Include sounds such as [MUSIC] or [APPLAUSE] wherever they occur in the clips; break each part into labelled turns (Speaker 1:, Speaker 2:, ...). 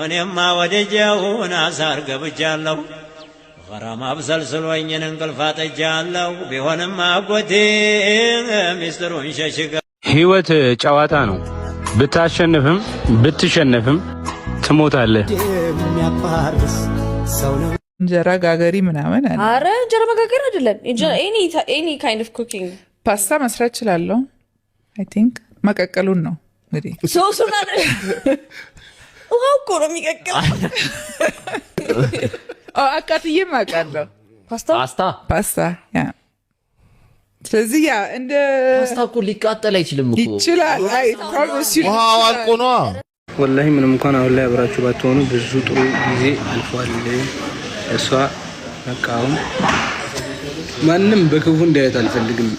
Speaker 1: እኔማ ወደጀውን አሳር ገብጃለሁ ገረማ ብሰልስሎኝን እንቅልፍ አጠጃለሁ ቢሆንም አጎቴ ሚስጥሩን ሸሽገ ሕይወት ጨዋታ ነው። ብታሸንፍም ብትሸነፍም ትሞታለህ።
Speaker 2: እንጀራ ጋገሪ ምናምን
Speaker 3: አረ እንጀራ መጋገር አይደለም ኤኒ ካይንድ ኦፍ ኩኪንግ
Speaker 2: ፓስታ መስራት እችላለሁ። አይ ቲንክ መቀቀሉን ነው እንግዲህ
Speaker 3: [LAUGHS] ውሃ እኮ ነው የሚቀቅለው።
Speaker 2: [LAUGHS] አቃትዬም አውቃለሁ። ፓስታ ፓስታ። ስለዚህ ያ እንደ
Speaker 1: ፓስታ እኮ ሊቃጠል አይችልም እኮ ይችላል። ውሃ አልቆ ነዋ።
Speaker 4: ወላሂ ምንም እንኳን አሁን ላይ አብራችሁ ባትሆኑ ብዙ ጥሩ ጊዜ አልፏል። እሷ መቃወም ማንም በክፉ እንዲያየት አልፈልግም።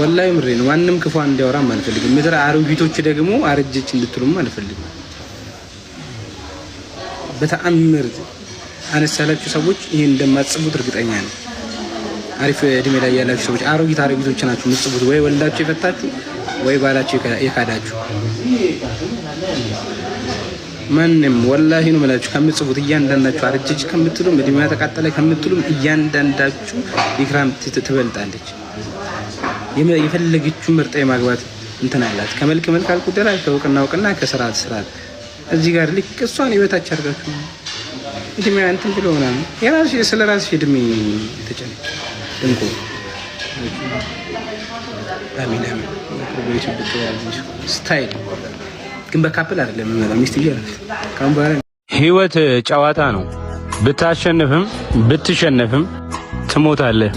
Speaker 4: ወላሂ ምሬ ነው። ማንም ክፉ እንዲያወራም አልፈልግም። ምድረ አሮጊቶች ደግሞ አረጀች እንድትሉም አልፈልግም። በተአምር አነሳላችሁ ሰዎች ይህን እንደማትጽቡት እርግጠኛ ነው። አሪፍ እድሜ ላይ ያላችሁ ሰዎች አሮጊት አሮጊቶች ናችሁ የምትጽቡት፣ ወይ ወልዳችሁ የፈታችሁ፣ ወይ ባላችሁ የካዳችሁ። ማንም ወላሂ ነው የምላችሁ ከምትጽቡት እያንዳንዳችሁ አረጀች ከምትሉም እድሜ ተቃጠለ ከምትሉም እያንዳንዳችሁ ኢክራም ትበልጣለች። የፈለገችው መርጣ የማግባት እንትን አላት። ከመልክ መልክ አልኩ ደራ ከእውቅና እውቅና ከስርዓት ስርዓት እዚህ ጋር ልክ እሷን የበታች አድርጋችሁ እድሜ እንትን ብሎ ምናምን የራስሽ ስለ ራስሽ እድሜ የተጨነ ድንቁ ስታይል ግን በካፕል አይደለም ሚስት
Speaker 1: ህይወት ጨዋታ ነው። ብታሸንፍም ብትሸነፍም ትሞታለህ።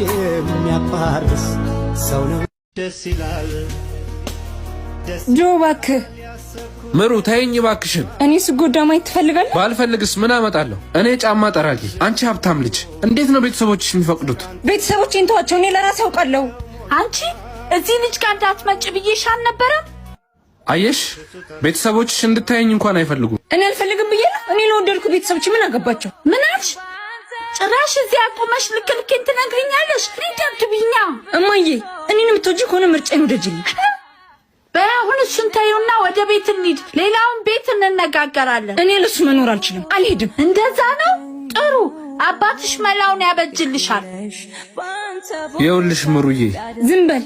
Speaker 3: ጆ እባክህ
Speaker 1: ምሩ ታይኝ ባክሽን።
Speaker 3: እኔ ስጎዳ ማየት ትፈልጋለህ?
Speaker 1: ባልፈልግስ ምን አመጣለሁ? እኔ ጫማ ጠራጊ፣ አንቺ ሀብታም ልጅ። እንዴት ነው ቤተሰቦችሽ የሚፈቅዱት?
Speaker 3: ቤተሰቦች እንተዋቸው፣ እኔ ለራሴ አውቃለሁ። አንቺ እዚህ ልጅ ጋር እንዳትመጭ ብዬሽ አልነበረም?
Speaker 1: አየሽ፣ ቤተሰቦችሽ እንድታየኝ እንኳን አይፈልጉም።
Speaker 3: እኔ አልፈልግም ብዬ እኔ ለወደድኩ ቤተሰቦች ምን አገባቸው? ምናች ጭራሽ እዚህ አቁመሽ ልክ ትነግርኛለሽ? ትነግሪኛለሽ? ብኛ እማዬ፣ እኔን የምትወጂ ከሆነ ምርጫ ይውደጅልኝ እሱን ታዩና ወደ ቤት እንሂድ። ሌላውን ቤት እንነጋገራለን። እኔ ልብስ መኖር አልችልም፣ አልሄድም። እንደዛ ነው ጥሩ። አባትሽ መላውን ያበጅልሻል።
Speaker 1: የውልሽ ምሩዬ፣ ዝም በል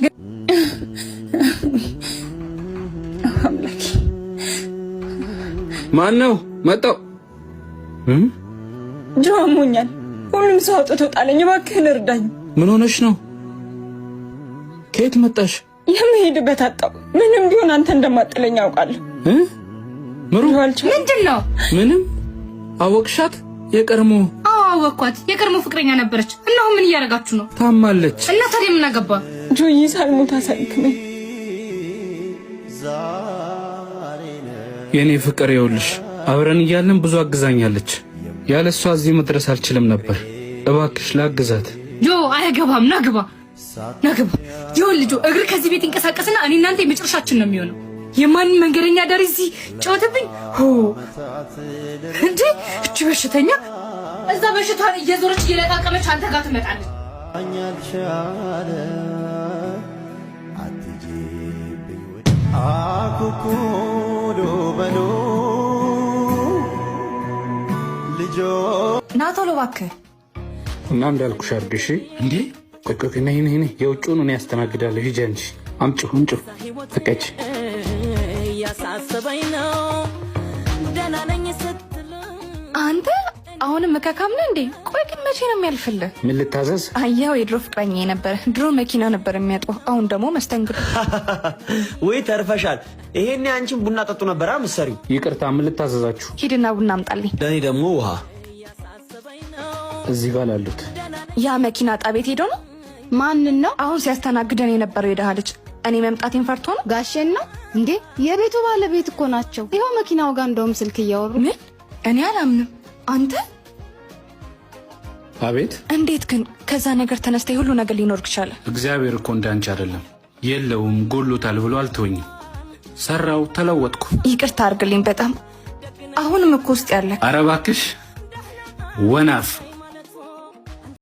Speaker 1: ማን ነው መጣው?
Speaker 3: ጆሮ አሞኛል። ሁሉም ሰው አውጥቶ ጣለኝ። እባክህን እርዳኝ።
Speaker 1: ምን ሆነሽ ነው? ከየት መጣሽ?
Speaker 3: የምሄድበት አጣው። ምንም ቢሆን አንተ እንደማጥለኝ አውቃለሁ። ምሩ ምንድን ነው?
Speaker 1: ምንም አወቅሻት? የቀድሞ
Speaker 3: አዎ፣ አወቅኳት። የቀድሞ ፍቅረኛ ነበረች። እና ምን እያደረጋችሁ ነው?
Speaker 1: ታማለች።
Speaker 3: እና ታዲያ ምን አገባ?
Speaker 2: ጆይ ሳልሞት አሳክመኝ።
Speaker 1: የእኔ ፍቅር ይኸውልሽ፣ አብረን እያለን ብዙ አግዛኛለች። ያለ እሷ እዚህ መድረስ አልችልም ነበር። እባክሽ ላግዛት።
Speaker 3: ጆ፣ አይገባም፣ ናግባ ናግባ ይሁን ልጁ እግር ከዚህ ቤት ይንቀሳቀስና እኔ እናንተ የመጨረሻችን ነው የሚሆነው። የማንን መንገደኛ ዳር እዚህ ጫወትብኝ ሆ እንዴ! እቺ በሽተኛ እዛ በሽታን እየዞረች እየለቃቀመች አንተ ጋር ትመጣለች። ና ቶሎ እባክህ
Speaker 1: እና እንዳልኩሽ አድርግሽ እንዴ ነይ የውጭውን እኔ ያስተናግዳለሁ። ሂጂ እንጂ አምጪ ሁንጩ ፍቀች እያሳሰበኝ ነው።
Speaker 3: ደህና ነኝ ስትል አንተ አሁንም መካካም ነው እንዴ? ቆይ ግን መቼ ነው የሚያልፍልህ? ምን ልታዘዝ? አያው የድሮ ፍቅረኛ ነበረ። ድሮ መኪና ነበር የሚያጥበው፣ አሁን ደግሞ መስተንግዶ።
Speaker 1: ወይ [LAUGHS] ተርፈሻል። ይሄን አንቺን ቡና ጠጡ ነበር ምሰሪ። ይቅርታ፣ ምን ልታዘዛችሁ?
Speaker 3: ሂድና ቡና አምጣልኝ።
Speaker 1: ለእኔ ደግሞ ውሃ። እዚህ ጋር ላሉት
Speaker 3: ያ መኪና ጣቤት ሄዶ ነው ማንን ነው አሁን ሲያስተናግደን የነበረው? ልጅ እኔ መምጣቴን ፈርቶ ነው ጋሼን ነው እንዴ? የቤቱ ባለቤት እኮ ናቸው። ይኸው መኪናው ጋር እንደውም ስልክ እያወሩ ምን? እኔ አላምንም። አንተ አቤት። እንዴት ግን ከዛ ነገር ተነስተ ሁሉ ነገር ሊኖር ቻለ?
Speaker 1: እግዚአብሔር እኮ እንዳንቺ አይደለም። የለውም ጎሎታል ብሎ አልተወኝም። ሰራው፣ ተለወጥኩ።
Speaker 3: ይቅርታ አርግልኝ በጣም አሁንም እኮ ውስጥ ያለ
Speaker 1: አረባክሽ ወናፍ